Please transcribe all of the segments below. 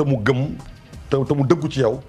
te mu gëm te mu dëggu ci yow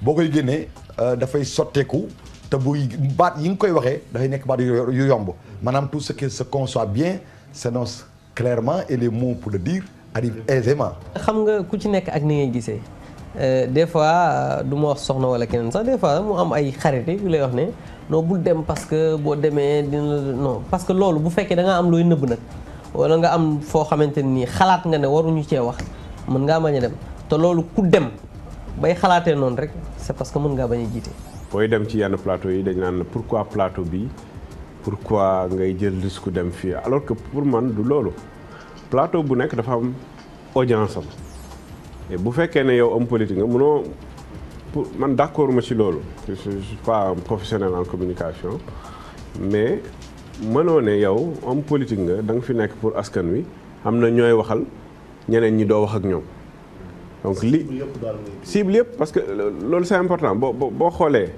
boo koy génnee euh, dafay sotteeku te buy baat yi nga koy waxee dafay nekk baat yu yomb maanaam tout ce qui se conçoit bien s'énonce clairement et les mots le dire arrivent aisément. xam nga ku ci nekk ak ni ngay gisee euh, des fois euh, du ma wax soxna wala keneen sax des fois mu am ay xarit yu lay wax ne non bul dem parce que boo demee dina non parce que loolu bu fekkee da nga am looy nëbb nag wala nga am foo xamante nii xalaat nga ne waruñu cee wax mën ngaa mañ dem. te loolu ku dem bay xalaatee noonu rek c'est parce que mën ngaa bañ a jiite. booy dem ci yenn plateau yi dañ naan pourquoi plateau bi quoi ngay jël risque dem fii alors que pour man du loolu plateau bu nekk dafa am audience am bu fekkee ne yow am politique nga mënoo pour man d'accord ma ci loolu je suis pas un professionnel en communication mais mënoo ne yow homme politique nga da nga fi nekk pour askan wi am na ñooy waxal ñeneen ñi doo wax ak ñoom donc li cible yëpp parce que loolu c'est important boo boo xoolee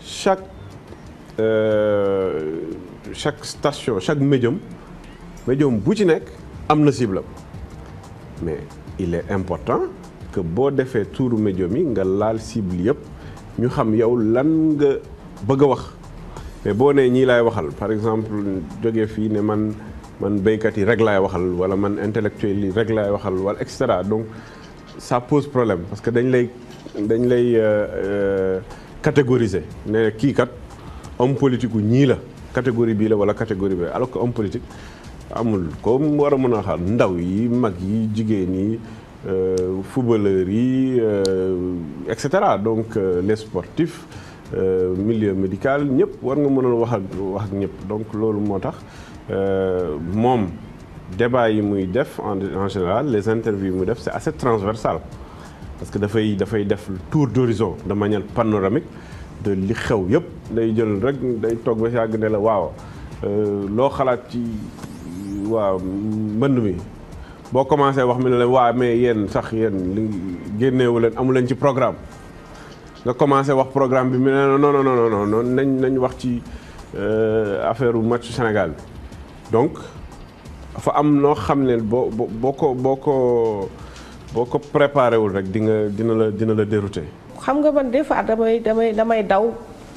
chaque euh, chaque station chaque médium médium bu ci nekk am na cible mais il est important que boo defee tuuru médium yi nga laal cible yëpp ñu xam yow lan nga bëgg a wax mais boo nee ñii laay waxal par exemple jógee fii ne man man béykat yi rek laay waxal wala man intellectuel yi rek laay waxal wala et cetera donc. ça pose problème parce que dañ lay dañ lay euh, euh, catégoriser ne kii kat homme politique wu ñii la catégorie bii la wala catégorie bi alors que homme politique amul ko war a mën a xaar ndaw yi mag yi jigéen yi euh, footballeurs yi et cetera donc les sportifs milieu médical ñëpp war nga mën a wax ak wax ñëpp donc loolu moo tax moom. débat yi muy def en en général les interviews yi muy def c'est assez transversal parce que dafay dafay def tour d'horizon de manière panoramique de li xew yëpp day jël rek day toog ba yàgg ne la waaw euh, loo xalaat ci waaw mbënd mi boo commencé wax mi ne la waa mais yéen sax yéen li génneewu leen amu leen ci programme nga commencé wax programme bi mu ne non non non non nañ nañ wax ci euh, affaire match Sénégal donc. dafa am noo xam ne boo boo ko boo ko boo ko préparé wul rek di nga dina la dina xam nga man des fois damay damay damay daw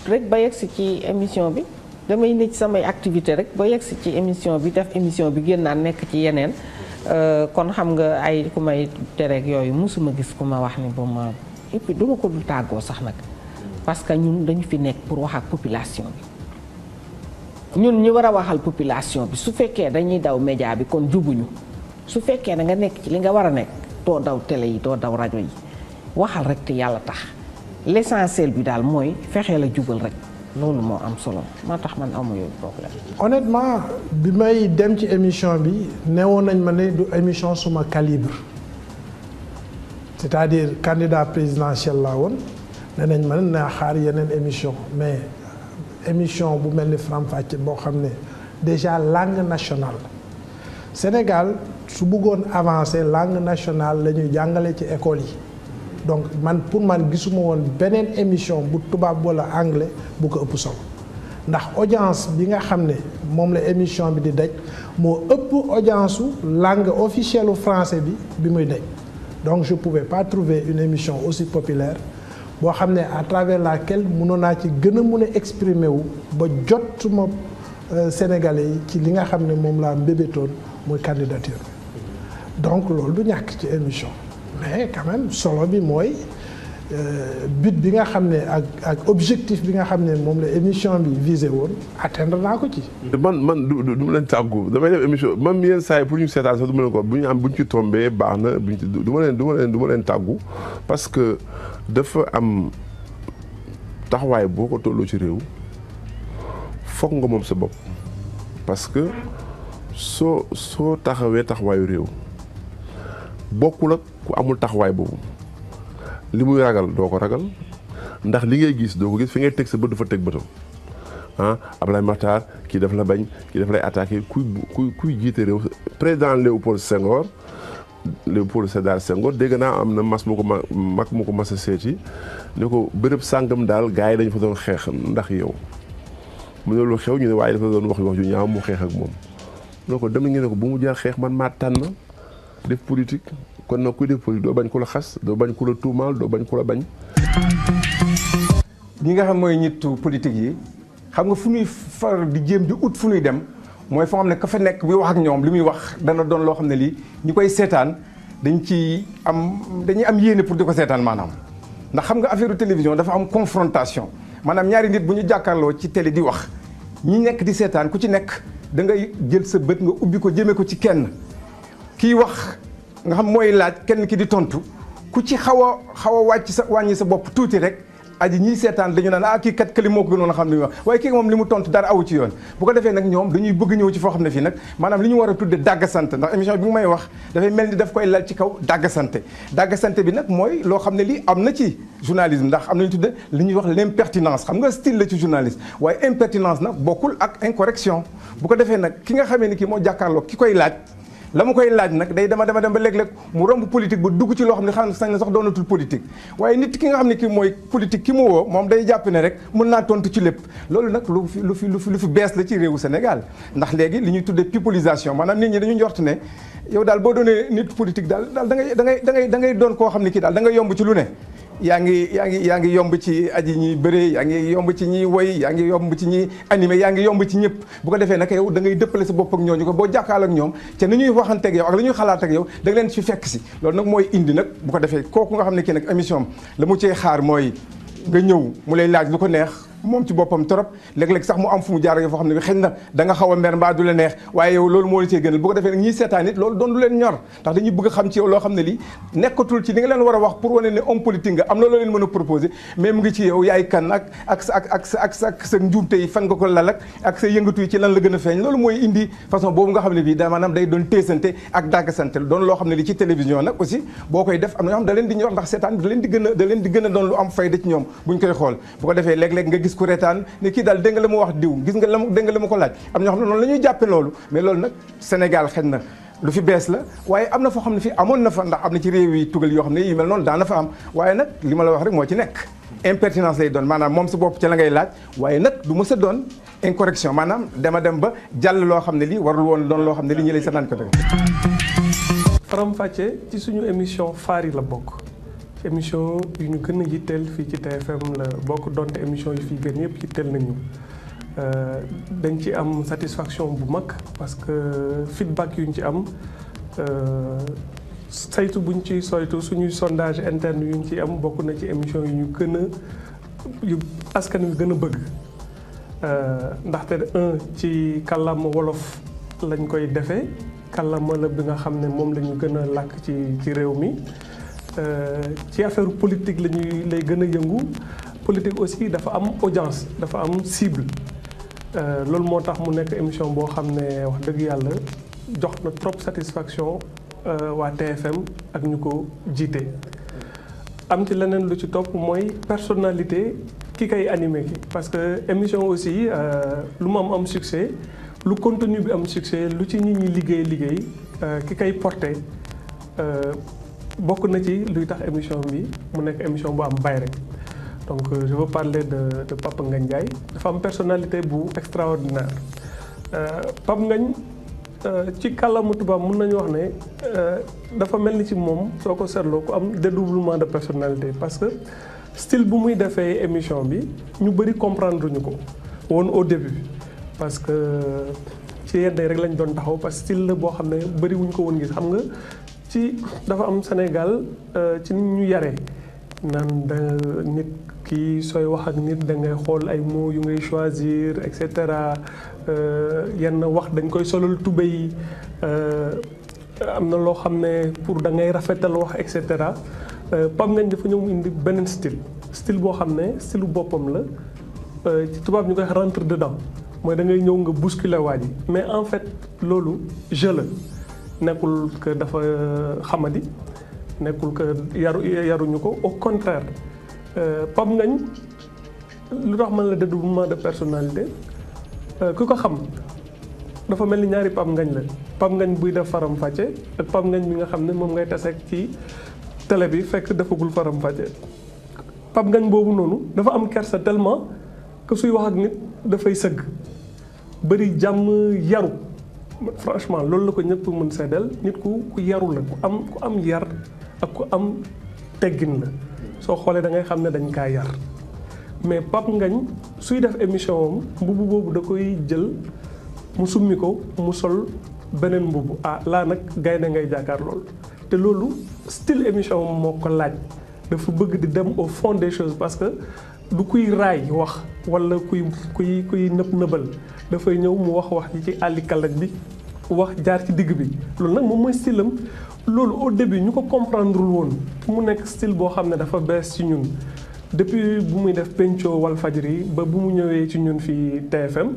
rek ba yegsi ci émission bi damay ne ci samay activité rek ba yegsi ci émission bi def émission bi gën naa nekk ci yeneen euh, kon xam nga ay ku may tereeg yooyu mosuma gis ku ma wax ni ba ma et duma ko dul tàggoo sax nag parce que ñun dañu fi nekk pour wax ak population bi. ñun ñu war a waxal population bi su fekkee dañuy daw média bi kon jubuñu su fekkee na nga nekk ci li nga war a nekk doo daw télé yi doo daw rajo yi waxal rek te yàlla tax l'essentiel bi daal mooy fexee la jubal rek loolu moo am solo moo tax man amu yooyu problème. bi may dem ci émission bi newoon nañ ma ne du émission suma calibre c'est-à-dire candidat présidentiel laa woon ne nañ ma ne naa xaar yeneen émission mais. émission bu mel ni framfàcce boo xam ne déjà langue nationale Sénégal su bëggoon avancer langue nationale la ñuy jàngale ci école yi donc man pour man gisuma woon beneen émission bu tubaab walla anglais bu ko ëpp solo ndax audience bi nga xam ne moom la émission bi di daj moo ëpp audience su langue officielle français bi bi muy daj donc je pouvais pas trouver une émission aussi populaire boo xam ne à travers laquelle mënoon naa ci gën a mun a exprimer wu ba jot su ma euh, Sénégalais yi ci li nga xam ne moom laa mbébétoon mooy candidature donc loolu du ñàkk ci émission mais quand solo bi mooy euh, bit bi nga xam ne ak ak objectif bi nga xam ne moom la émission bi visé woon atteindre naa ko ci. man man du du ma leen tàggu damay def émission man yenn saa yi pour ñu seetaan sax du leen ko bu ñu am buñ ñu ci tombee baax na bu ñu ci leen du ma leen du leen tàggu parce que. dafa am taxawaay boo ko tolloo ci réew foog nga moom sa bopp parce que soo soo taxawee taxawaayu réew bokkul ak ku amul taxawaay boobu li muy ragal doo ko ragal ndax li ngay gis doo ko gis fi ngay teg sa bët fa teg bëtam ah lay Makhtar kii daf la bañ kii daf lay attaqué kuy kuy kuy jiite réew président Léopold Senghor Léopold Sédar Senghor dégg naa am na mas mu ko ma mag mu ko mas a seeti ne ko bërëb sàngam daal gars yi dañu fa doon xeex ndax yow mu ne lu xew ñu ne waaye dafa doon wax wax ju ñaaw mu xeex ak moom noo ko dem ngeen ne ko bu mu jaar xeex man maa tànn def politique kon nag kuy def politique doo bañ ku la xas doo bañ ku la tuumaal doo bañ ku la bañ ñi nga xam mooy ñittu politique yi xam nga fu ñuy faral di jéem di ut fu ñuy dem mooy foo xam ne ka fa nekk buy wax ak ñoom li muy wax dana doon loo xam ne lii ñi koy seetaan dañu ci am dañuy am yéene pour di ko seetaan maanaam ndax xam nga affaire télévision dafa am confrontation maanaam ñaari nit bu ñu jàkkaarloo ci télé di wax ñi nekk di seetaan ku ci nekk da ngay jël sa bët nga ubbi ko jëmee ko ci kenn kii wax nga xam mooy laaj kenn ki di tontu ku ci xaw a xaw a wàcc sa wàññi sa bopp tuuti rek aji ñiy seetaan dañu naan ah kii kat këli moo a xam ne muy wax waaye kii moom li mu tontu dara awu ci yoon bu ko defee nag ñoom dañuy bëgg ñëw ci foo xam ne fii nag maanaam li ñu war a tudde dàggasante ndax émission bi mu may wax dafay mel ni daf koy lal ci kaw dàggasante dàggasante bi nag mooy loo xam ne lii am na ci journalisme ndax am nañu tudd li ñuy wax l'impertinence xam nga style la ci journaliste waaye impertinence nag bokkul ak incorrection bu ko defee nag ki nga xamee ni kii moo jàkkaarloo ki koy la mu koy laaj nag day dema dama dem ba léeg-léeg mu romb politique bu dugg ci loo xam ne xam ne sax na sax doonatul politique waaye nit ki nga xam ne ki mooy politique ki mu woo moom day jàpp ne rek mën naa tontu ci lépp loolu nag lu fi lu fi lu fi lu fi bees la ci réewu Sénégal ndax léegi lu ñuy tuddee pipolisation maanaam nit ñi dañu njort ne yow daal boo doonee nit politique daal daal da ngay da ngay da ngay doon koo xam ne ki daal da ngay yomb ci lu ne yaa ngi yaa ngi yaa ngi yomb ci aji ñi bëree yaa ngi yomb ci ñuy woy yaa ngi yomb ci ñi animé yaa ngi yomb ci ñëpp bu ko defee nag yow da ngay dëppale sa bopp ak ñu ko boo jàkkaarloo ñoom te ni ñuy waxanteeg yow ak la ñuy xalaat ak yow da leen ci fekk si loolu nag mooy indi nag bu ko defee kooku nga xam ne kii nag émission am la mu cee xaar mooy nga ñëw mu lay laaj lu ko neex moom ci boppam trop léeg-léeg sax mu am fu mu jaar yoo foo xam ne bi xëy na da nga a mer mbaa du la neex waaye loolu moo la cee gënal bu ko defee nag a xam ci yow loo xam ne leen war a wax a proposé mais mu ngi ci yow yaay nga ko lalak ak sa yëngatu ci lan la gën a feeñ loolu mooy indi façon boobu nga xam ne bii da maanaam day doon téesante ak dàggasante loo xam ne li ci télévision nag aussi boo koy def am na ñoo xam da leen di ñor ndax seetaan da leen di gën a da di gën doon lu am fayda ci ñoom buñ koy xool bu ko defee léeg-léeg nga gis gis ku reetaan ne kii daal dégg nga la mu wax diw gis nga la mu dégg la mu ko laaj am ñoo xam ne jàppe loolu mais loolu nag Sénégal xëy na lu fi bees la waaye am na foo xam ne fii amoon na fa ndax am na ci réew yi tugal yoo xam ne yu mel noonu daan fa am waaye nag li ma la wax rek moo ci nekk impertinence lay doon maanaam moom sa bopp ci la ngay laaj waaye nag du mës a doon incorrection maanaam dema dem ba jàll loo xam ne lii war warul woon doon loo xam ne lii ñu lay seetaan ko teg ci suñu émission faar yi la bokk ci émission yu ñu gën a yitteel fii ci TFM la bokk donte émission yu fi gën yëpp yitteel nañu euh, dañ ci am satisfaction bu mag parce que feedback yu ñu ci am euh, saytu buñ ci soytu suñuy sondage interne yu ñu ci am bokk na ci émission yu ñu gën a yu askan wi gën a bëgg euh, ndaxte un ci kàllaama wolof lañ koy defee kàllaama la bi nga xam ne moom lañu ñu gën a làkk ci ci réew mi Euh, ci affaire politique la ñuy lay gën a yëngu politique aussi dafa am audience dafa am cible euh, loolu moo tax mu nekk émission boo xam ne wax dëgg yàlla jox na trop satisfaction euh, waa TFM ak ñu ko jiite. am ci leneen lu ci topp mooy personnalité ki kay animé ki parce que émission aussi lu mu am am succès lu contenu bi am succès lu ci nit ñi liggéey liggéey ki kay porté. bokk na ci luy tax émission bi mu nekk émission boo am bay rek donc euh, je veux parler de de Pape Ndiaye dafa am personalité bu extraordinaire euh, Pape Ngagne euh, ci kàllaama tubaab mun nañu wax ne dafa mel ni ci moom soo ko seetloo ku am dédoublement de personnalité parce que style bu muy defee émission bi ñu bëri comprendre ñu ko woon au début parce que ci yenn rek lañ doon taxaw parce que style la boo xam ne bëri ko woon gis xam nga. ci dafa am Sénégal euh, ci ni ñu yare naan da nit kii sooy wax ak nit da ngay xool ay moo yu ngay choisir et cetera euh, yenn wax dañ koy solal tubé yi euh, am na loo xam ne pour da ngay rafetal wax et cetera Pape Ngagne dafa ñëw indi beneen style style boo xam ne style boppam la ci tubaab ñu koy rentre de dedans mooy da ngay ñëw nga bousculer waa ji mais en fait loolu jeu la nekkul que dafa euh, xamadi nekkul que yaru yaruñu ko au contraire euh, pam ngañ lu tax man la dédoublement de personnalité euh, ku ko xam dafa mel ni ñaari pam ngañ la pam Ngagne buy def faram fàcce ak pam ngañ bi nga xam ne moom ngay taseeg ci télé bi fekk defagul faram fàcce Pape Ngagne boobu noonu dafa am kersa tellement que suy wax ak nit dafay sëgg bëri jàmm yaru franchement loolu la ko ñëpp mën seddal nit ku ku yaru la ku am ku am yar ak ku am teggin la soo xoolee da ngay xam ne dañ kaa yar mais Pape ngañ suy def émission am mbubu boobu da koy jël mu summi ko mu sol beneen mbubu ah laa nag gaynde ngay jàkkaar loolu te loolu style émission am moo ko laaj dafa bëgg di dem au fond des choses parce que du kuy raay wax wala kuy kuy kuy nëb nëbal dafay ñëw mu wax wax ji ci àlli kalak bi wax jaar ci digg bi loolu nag moom mooy style loolu au début ñu ko comprendre woon mu nekk style boo xam ne dafa bees ci ñun depuis bu muy def penco Walfadjri ba bu mu ñëwee ci ñun fii TFM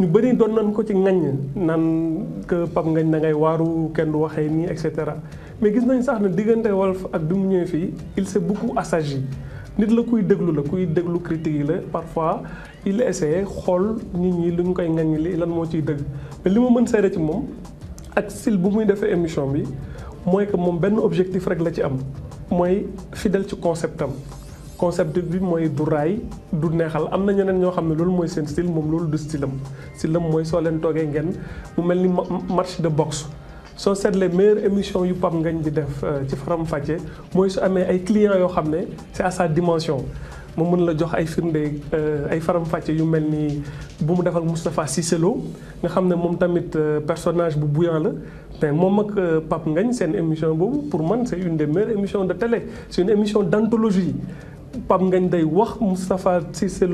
ñu bëri doon nañ ko ci nañ nan que Pape ngañ da ngay waaru kenn du waxee nii et cetera mais gis nañ sax ne diggante Walf ak bi mu ñëwee fii il s'est assage assagi nit la kuy déglu la kuy déglu critique yi la parfois il a xool nit ñi lu ñu koy ŋaññi li lan moo ciy dëgg mais li ma mën seede ci moom ak style bu muy defee émission bi mooy que moom benn objectif rek la ci am mooy fidèle ci concept am concept bi mooy du raay du neexal am na ñeneen ñoo xam ne loolu mooy seen style moom loolu du style am style am mooy soo leen toogee ngeen mu mel ni match de boxe soo seetlee meilleure émission yu pam ngañ di def euh, ci Faram Facce mooy su amee ay client yoo xam ne c'est à sa ma mën la jox ay firnde euh, ay faram-fàcce yu mel ni bu mu defal ak Moustapha nga xam ne moom tamit euh, personnage bu buyan la mais moom ak euh, pap Ngagne seen émission boobu pour man c'est une de meilleures émission de télé c'est une émission d'anthologie Pape Ngagne day wax Moustapha Cissé